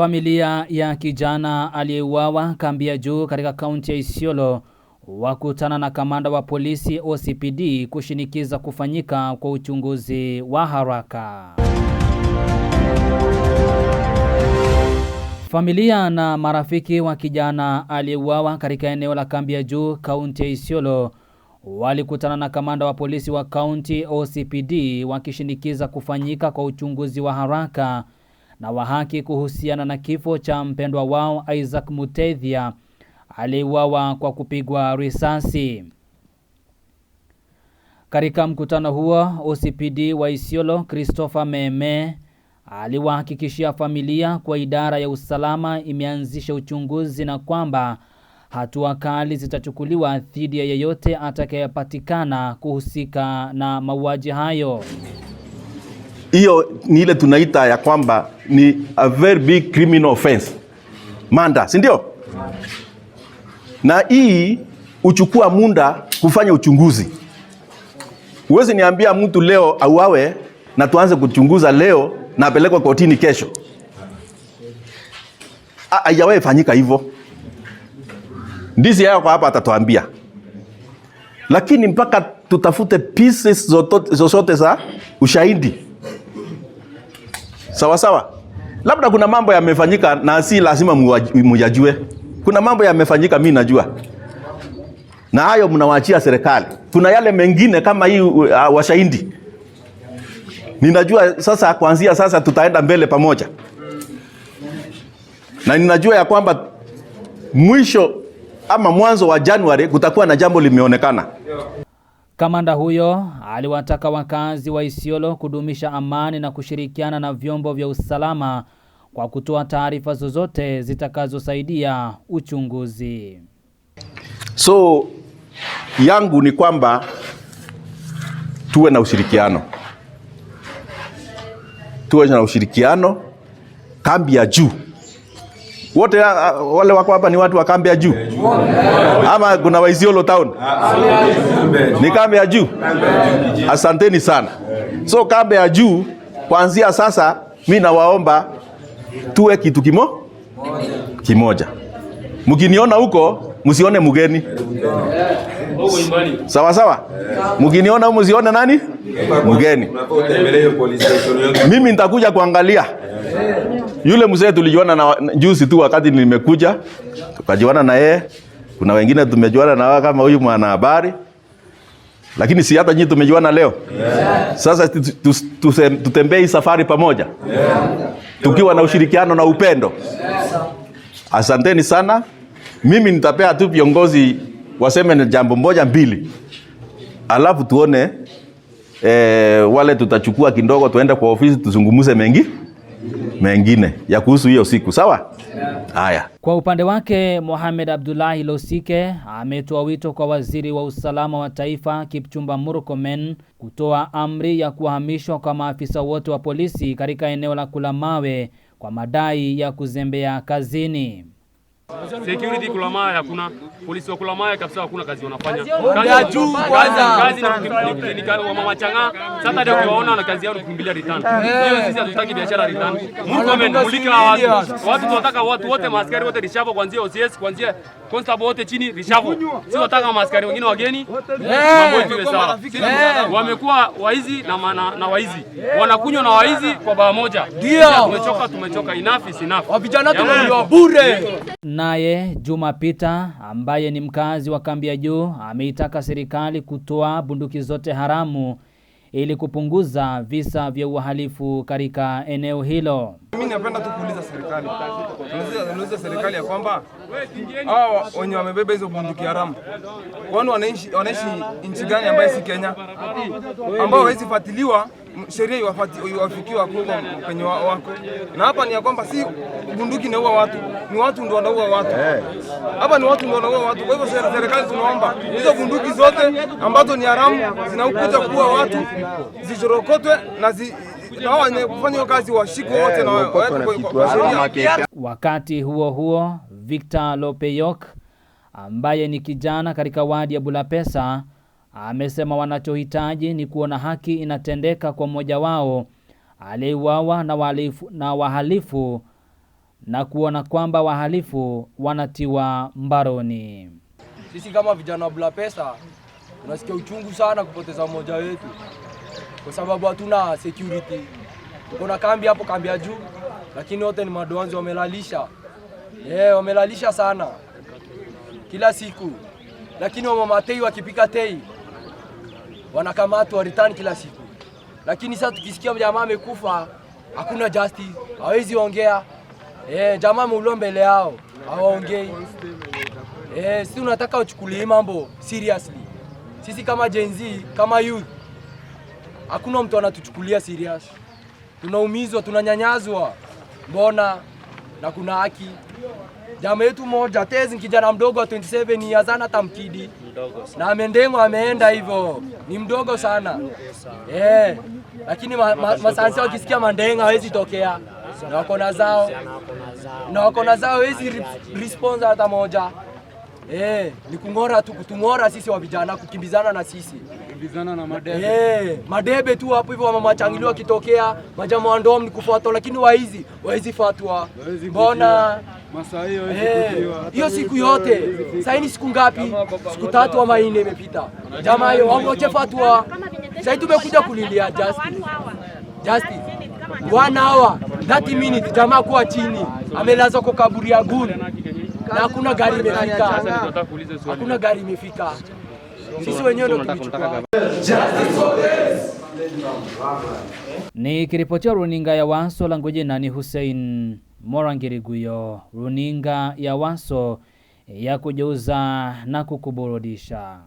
Familia ya kijana aliyeuawa kambi ya juu katika kaunti ya Isiolo wakutana na kamanda wa polisi OCPD kushinikiza kufanyika kwa uchunguzi wa haraka. Familia na marafiki wa kijana aliyeuawa katika eneo la kambi ya juu kaunti ya Isiolo walikutana na kamanda wa polisi wa kaunti OCPD wakishinikiza kufanyika kwa uchunguzi wa haraka na wa haki kuhusiana na kifo cha mpendwa wao Isaac Mutethia aliuawa kwa kupigwa risasi. Katika mkutano huo, OCPD wa Isiolo Christopher Meme aliwahakikishia familia kwa idara ya usalama imeanzisha uchunguzi na kwamba hatua kali zitachukuliwa dhidi ya yeyote atakayepatikana kuhusika na mauaji hayo hiyo ni ile tunaita ya kwamba ni a very big criminal offense manda, si ndio? Na hii uchukua muda kufanya uchunguzi. uwezi niambia mtu leo auawe na tuanze kuchunguza leo na apelekwa kotini kesho. Haijawahi fanyika hivyo. Ndizi yako hapa atatuambia, lakini mpaka tutafute pieces zozote za ushahidi sawa sawa. Labda kuna mambo yamefanyika na si lazima mujajue Kuna mambo yamefanyika, mi najua, na hayo mnawaachia serikali. Kuna yale mengine kama hii uh, uh washahidi ninajua. Sasa kuanzia sasa tutaenda mbele pamoja, na ninajua ya kwamba mwisho ama mwanzo wa Januari kutakuwa na jambo limeonekana. Kamanda huyo aliwataka wakazi wa Isiolo kudumisha amani na kushirikiana na vyombo vya usalama kwa kutoa taarifa zozote zitakazosaidia uchunguzi. So yangu ni kwamba tuwe na ushirikiano, tuwe na ushirikiano kambi ya juu wote ah, ah, wale wako hapa ni watu wa kambi ya juu ama kuna Waisiolo town? Ni kambi ya juu. Asanteni sana. So kambi ya juu, kuanzia sasa mi nawaomba tuwe kitu kimo kimoja. Mkiniona huko msione mgeni, sawa sawa. Mkiniona msione nani mgeni. Mimi nitakuja kuangalia yule mzee tulijuana na juzi tu wakati nimekuja, tukajuana na yeye. Kuna wengine tumejuana na wao kama huyu mwanahabari. Lakini si hata nyinyi tumejuana leo. Yeah. Sasa tutembei safari pamoja. Yeah. Tukiwa na ushirikiano na upendo. Yeah. Asanteni sana. Mimi nitapea tu viongozi waseme na jambo moja mbili. Alafu tuone eh, wale tutachukua kidogo tuende kwa ofisi tuzungumuze mengi mengine ya kuhusu hiyo siku sawa. Haya, kwa upande wake Mohamed Abdullahi Losike ametoa wito kwa waziri wa usalama wa taifa Kipchumba Murkomen kutoa amri ya kuhamishwa kwa maafisa wote wa polisi katika eneo la Kulamawe kwa madai ya kuzembea kazini. Security kula maya hakuna, polisi wa kula maya kabisa hakuna kazi wanafanya. Kazi juu kwanza. Kazi na mama changa. Sasa ndio kuwaona na kazi yao ni kukimbilia return. Eh. Hiyo sisi hatutaki biashara return. Mungu amemulika watu. Watu tunataka watu wote maskari wote rishavu kuanzia OCS kuanzia constable wote chini rishavo. Sisi tunataka maskari wengine wageni. Mambo yetu iwe sawa. Wamekuwa waizi na na waizi. Eh. Wanakunywa na waizi kwa baa moja. Ndio. Tumechoka tumechoka, enough is enough. Vijana tunaliwa bure naye Juma Peter ambaye ni mkazi wa kambi ya juu ameitaka serikali kutoa bunduki zote haramu ili kupunguza visa vya uhalifu katika eneo hilo. Mimi napenda tu kuuliza serikali, nauliza serikali ya kwamba hao wenye wamebeba hizo bunduki haramu kwani wanaishi nchi gani ambayo si Kenya, ambao hawezi fuatiliwa sheria iwafikie wakubwa kwenye wako, na hapa ni ya kwamba si bunduki naua watu, ni watu ndio wanaua watu eh. hapa, ni watu ndio wanaua watu. Kwa hivyo serikali tunaomba hizo bunduki zote ambazo ni haramu zinaukuta kuwa watu zichorokotwe na zi eh, Wakati huo huo, Victor Lopeyok ambaye ni kijana katika wadi ya Bulapesa Amesema wanachohitaji ni kuona haki inatendeka kwa mmoja wao aliyeuawa na wahalifu, na wahalifu na kuona kwamba wahalifu wanatiwa mbaroni. Sisi kama vijana wa Bulapesa tunasikia uchungu sana kupoteza mmoja wetu, kwa sababu hatuna security. Tuko na kambi hapo, kambi ya juu, lakini wote ni madoanzi, wamelalisha yeah, wamelalisha sana kila siku, lakini wamamatei wakipika tei wanakamatwa waritani kila siku, lakini sasa tukisikia jamaa amekufa, hakuna justice, hawezi ongea eh, jamaa ameulwa mbele yao hawaongei. eh, si unataka uchukulie mambo seriously. Sisi kama Gen Z kama youth, hakuna mtu anatuchukulia serious, tunaumizwa, tunanyanyazwa mbona na kuna haki jama yetu moja Tezi, kijana mdogo wa 27 years ana tamkidi na amendengo ameenda hivyo, ni mdogo sana eh, lakini ma, ma, wakisikia mandenga hawezi tokea na wako na zao na wako na zao hawezi response hata moja eh, ni kung'ora tu, kutung'ora sisi wa vijana, kukimbizana na sisi kukimbizana na madebe eh, madebe tu hapo hivyo, mama changilio wakitokea majamaa wa ndom lakini waizi waizi fatwa mbona hiyo eh, siku yote. Saini siku ngapi? Siku tatu ama nne imepita. Jamaa hiyo wangoje fatwa. Sasa tumekuja kulilia justice. Justice. One hour 30 minutes, jamaa kuwa chini amelazwa kwa kaburi ya guni na hakuna gari imefika, hakuna gari imefika. Sisi wenyewe ndio this ni kiripotia runinga ya Waso langu jina ni Hussein Morangiriguyo, runinga ya Waso ya kujeuza na kukuburudisha.